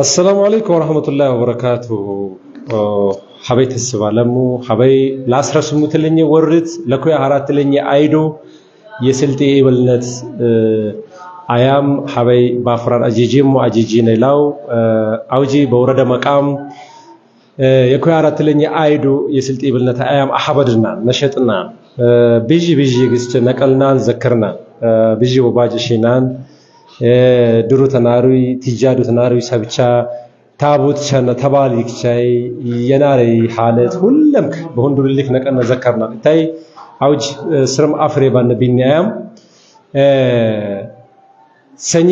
አሰላሙ አለይኩም ወራህመቱላሂ ወበረካቱ ሀበይ ተስባለሙ ሀበይ ለ18 ለኝ ወርት ለኩያ አራት ለኝ አይዶ የስልጤ በልነት አያም ሀበይ ባፍራን አጂጂም አጂጂ ነላው አውጂ በወረደ መቃም የኩያ አራት ለኝ አይዶ የስልጤ በልነት አያም አሐበድና ነሸጥና ቢጂ ቢጂ ግስት ነቀልናን ዘክርና ቢጂ ወባጅ ሽናን ድሩ ተናሩ ትጃዱ ተናሩ ሰብቻ ታቦት ቸነ ተባል ይክቻይ የናሪ ሐለት ሁለም በሁንዱ ነቀነ ዘከርና ታይ አውጅ ስርም አፍሬ ባነ ቢኒያም ሰኚ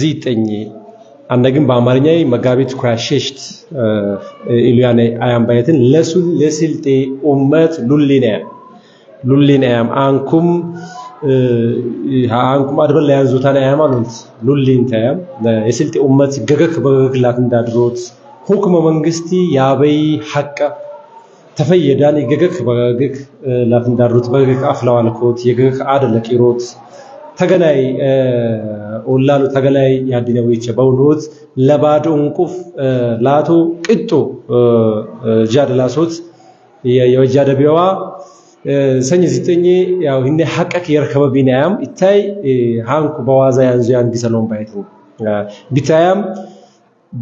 ዚጠኝ አነ ግን በአማርኛ መጋቢት ኩያሸሽት ኢሉያኔ አያም ባየትን ለሱ ለስልጤ ኡመት ሉሊናያም ሉሊናያም አንኩም አንቁም አድበል ላይ አንዞታ ላይ ሃይማኖት ሉሊን ታያም የስልጤ ኡመት ገገክ በገግላት እንዳድሮት ሁክመ መንግስቲ ያበይ ሐቀ ተፈየዳን የገገክ በገግክ ላት እንዳድሮት በገግክ ኮት የገገክ አደለ ቂሮት ተገናይ ኦላሉ ተገናይ ያዲነው ይቸ በውሎት ለባድ እንቁፍ ላቶ ቅጡ ጃደላሶት የወጃደቢያዋ sanyisiitenyi yaw hinne haqqa kiyar kaba binayam itay hanku bawaza yanzu yan bisalon baytu bitayam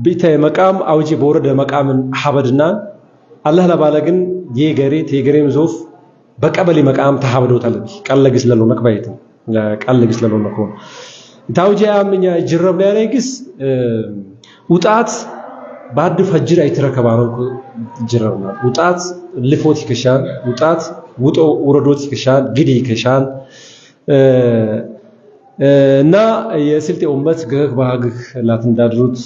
bitay maqam awji borde maqamin habadna Allah la balagin yegare tegerem zof በቀበሌ መቃም ተሃብዶታል ቀለግ ስለሎነክ ባይት ቀለግ ስለሎነክ ሆነ ታውጂ ያምኛ ጅረብ ላይ ረግስ ውጣት ባድ ፈጅር አይትረከባ ነው ጅረብ ውጣት ልፎት ይከሻ ውጣት ውጦ ውረዶች ክሻን ግዲ ክሻን እና የስልጤ ኡመት ገግ ባግግ ላት እንዳድሩት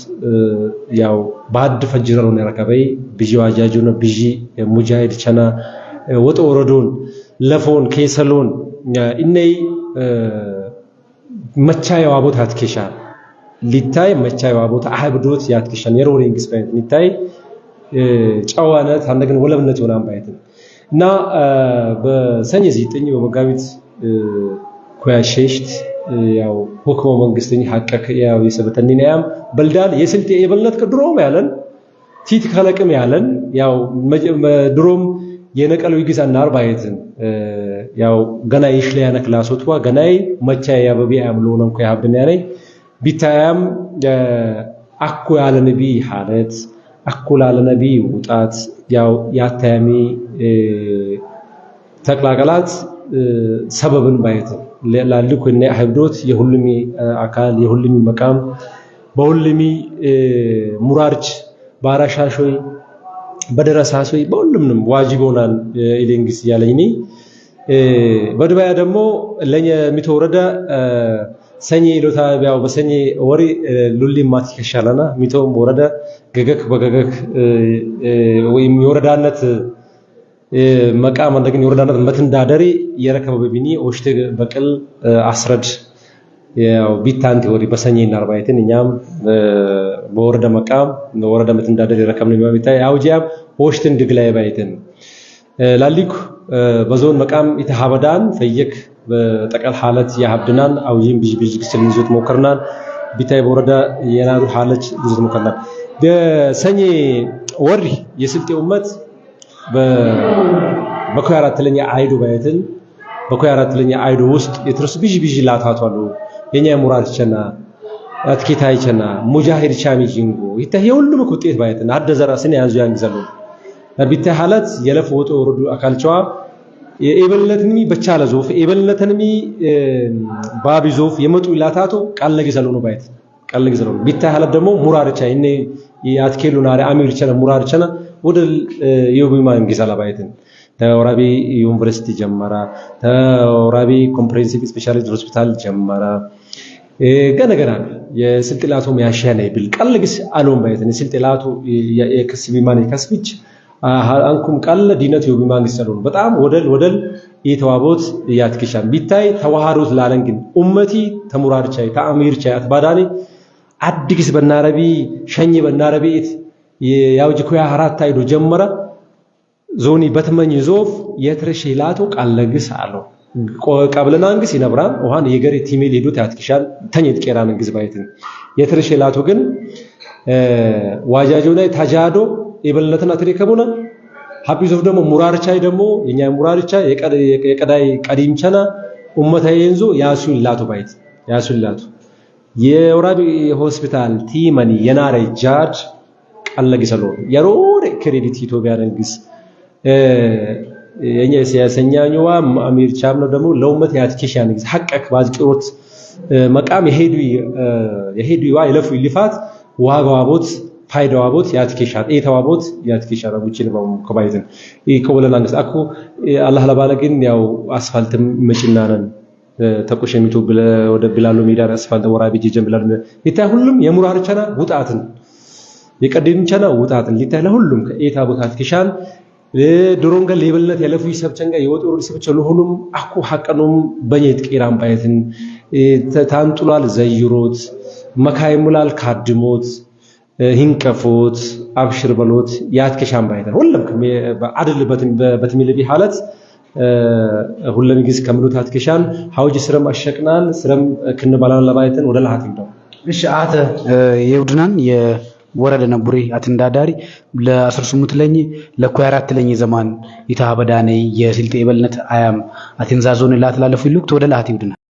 ያው ባድ ፈጅረሩን ያረከበይ ብጂ ነው ብጂ ሙጃሂድ ቸና ወጦ ወረዶን ለፎን ኬሰሎን እነይ መቻየዋ ቦታ አትኬሻ ሊታይ መቻየዋ ቦታ አህብዶት ያትኬሻን የሮሪንግ ስፋይት ሊታይ ጨዋነት አንደግን ወለብነት ይሆናን ባይትን እና በሰኔ ዘጠኝ በመጋቢት ኮያሸሽት ያው ሁክመ መንግስትኝ ሀቀክ ያው የሰበተኒን ያም በልዳል የስልጤ የበልነት ድሮም ያለን ቲት ከለቅም ያለን ያው ድሮም የነቀል ጊዝ አናር ባየትን ያው ገና ይሽለ ያነ ክላሶትዋ ገናይ መቻ ያበቢ ያምሎ ነው ከያብነ ያኔ ቢታያም አኮ ያለንቢ ሐለት አኩላለ ነቢይ ውጣት ያው የአታያሚ ተቅላቀላት ሰበብን ባየት ላልኩ እና ህብዶት የሁልሚ አካል የሁልሚ መቃም በሁልሚ ሙራርች ባራሻሾይ በደረሳሶይ በሁሉምንም ዋጅብ ሆናል ኢሌንግስ ያለኝኒ በድባያ ደግሞ ለኛ የሚተወረደ ሰኚ ሎታ ቢያው በሰኚ ወሪ ሉሊ ማት ይከሻለና ሚቶም ወረደ ገገክ በገገክ ወይም የወረዳነት መቃ ማንደግን የወረዳነት መትንዳደሪ የረከበ በቢኒ ኦሽቴ በቅል አስረድ ያው ቢታንቲ ወሪ በሰኝ እና አርባይትን እኛም በወረደ መቃም ወረደ መትንዳደሪ የረከብን የሚያሚታ ያውጂያም ኦሽትን ድግላይ ባይትን ላሊኩ በዞን መቃም ኢተሃበዳን ፈየክ በጠቀል ያብድናል አውይም ኣብዚን ብዥብዥ ክስል ንዝት ሞከርናል ቢታይ በወረዳ የናሩ ሓለች ንዝት ሞከርናል በሰኝ ወሪ የስልጤ ኡመት በኮይ ለኛ አይዶ ባየትን በኮይ ለኛ አይዶ ውስጥ የትርስ ብዥ ብዥ ላታቷሉ የኛ ሙራድ ቸና አትኬታ ይቸና ሙጃሂድ ቻሚ ጂንጎ ይታ የሁሉም ውጤት ባየትን አደዘራ ስን ያዙ ያንግዘሉ ቢታይ ሓለት የለፍ ወጦ ወረዱ አካልቸዋ የኤበለትንሚ በቻለ ዞፍ ኤበለትንሚ ባቢ ዞፍ የመጡ ይላታቶ ቃል ገሰለው ነው ባይት ቃል ገሰለው ቢታይ ሐለ ደግሞ ሙራርቻ እኔ ያትከሉ ናሪ አሚር ቸነ ሙራርቻና ወደ ማን ገሰላ ባይትን ተወራቢ ዩኒቨርሲቲ ጀመራ ተወራቢ ኮምፕሬሄንሲቭ ስፔሻሊቲ ሆስፒታል ጀመራ ገነገና የስልጥላቶም ያሸነ ብል ቃል ገስ አሎም ባይትን ስልጥላቱ ማን ከስብች አንኩም ቃለ ዲነት ዮቢ ማንግስት ሰሎን በጣም ወደል ወደል የተዋቦት ያትክሻን ቢታይ ተዋሃዶት ላለን ግን ኡመቲ ቻይ ተሙራርቻይ ቻይ አትባዳኒ አድግስ በናረቢ ሸኝ በናረቢ እት ያውጅኩያ አራት አይዶ ጀመረ ዞኒ በትመኝ ዞፍ የትረሽ ላቶ ቃለግስ አለው ቀብለና አንግስ ይነብራን ውሃን የገሬ ቲሜል ሄዶት ያትክሻል ተኝት ቄራን እንግስ ባይትን የትረሽ ላቶ ግን ዋጃጆ ላይ ተጃዶ የበለጠና ትሪከቡና ሀፒዞፍ ደግሞ ሙራርቻይ ደግሞ የኛ ሙራርቻ የቀዳይ ቀዲም ቀዲምቸና ኡመታይ የንዞ ያሱ ላቱ ባይት ያሱ ላቱ የወራቢ ሆስፒታል ቲመኒ የናረ ጃርጅ ቀለግሰሎ የሮር ክሬዲት ኢትዮጵያ ደንግስ የኛ ሲያሰኛኝዋ አሚር ቻም ነው ደግሞ ለኡመት ያትችሽ ያንግስ ሐቀክ ባዝቅሮት መቃም የሄዱ የሄዱ ይዋ ይለፉ ይልፋት ዋጋዋቦት ፋይዳዋቦት ያትኬሻል ኤተዋቦት ያትኬሻል ውጭ ነው ከባይዘን ይቆወለና አንገስ አኩ አላህ ለባለ ግን ያው አስፋልትም መጭናነን ተቆሽ የሚቶ ብለ ወደ ብላሎ ሜዳ አስፋልት ወራቢ ጀጀን ብላሎ ይታይ ሁሉም የሙራር ቻና ውጣትን የቀደም ቻና ውጣትን ይታይ ለሁሉም ከኤታ ቦታ አትኬሻል ድሮንገ ሌብልነት የለፉ ይሰብቸንጋ የወጥሩ ይሰብቸሉ ሁሉም አኩ ሐቀኑም በየት ቂራም ባይትን ታንጡላል ዘይሮት መካይሙላል ካድሞት ሂንቀፉት አብሽር በሎት ያትከሻም ባይደር ሁሉም አድልበት በትሚል ቢሃለት ሁለም ጊዜ ከምሉት አትከሻን ሀውጅ ስረም አሸቅናን ስረም ክንባላን ለባይተን ወደ ለሃት ይምጣው እሺ አተ የውድናን የወረደ ነቡሪ አትንዳዳሪ ለ18 ለኝ ለ24 ለኝ ዘማን ይታበዳኔ የስልጤ ይበልነት አያም አትንዛዞን ላትላለፉ ይልኩት ወደ ለሃት ይውድናል